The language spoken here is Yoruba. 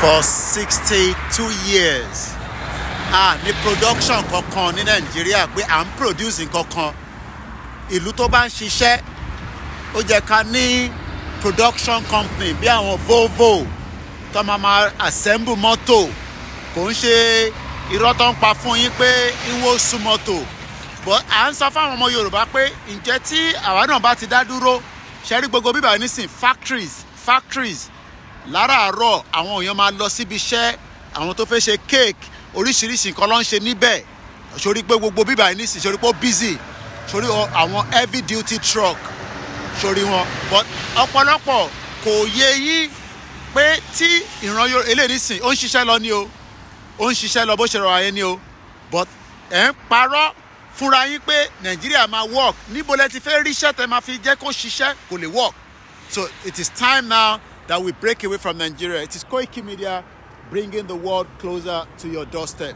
for sixty two years a ní production kankan ní nàìjíríà pé à ń produce kankan ìlú tó bá ń ṣiṣẹ́ ó jẹ́ ká ní production company bí àwọn volvo tó máa ma assemble mọ́tò kò ń ṣe irọ́ tó ń pa fún yín pé iwọ su mọ́tò but à ń sọ fáwọn ọmọ yorùbá pé ǹjẹ́ tí àwa náà bá ti dá dúró ṣe rí gbogbo bíbá nísìn factories factories láràárọ̀ àwọn èèyàn máa lọ síbi iṣẹ́ àwọn tó fẹ́ ṣe cake oríṣiríṣi nǹkan ló ń ṣe níbẹ̀ sórí pé gbogbo bíbà yìí nísìnyí sórí pé ó busy sórí àwọn heavy duty truck sórí wọn but ọ̀pọ̀lọpọ̀ kò yé yí pé tí ìran eléyìí nísìn ó ń ṣiṣẹ́ lọ ní o ó ń ṣiṣẹ́ lọ bó ṣe rọra yẹn ní o but ẹ̀ ń parọ́ fúnra yín pé nàìjíríà máa work níbo lẹ ti fẹ́ ríṣẹ́ tẹ máa fi jẹ́ kó ṣiṣẹ́ kò lè work so it is time now that we break away from Nigeria. It is Koiki Media bringing the world closer to your doorstep.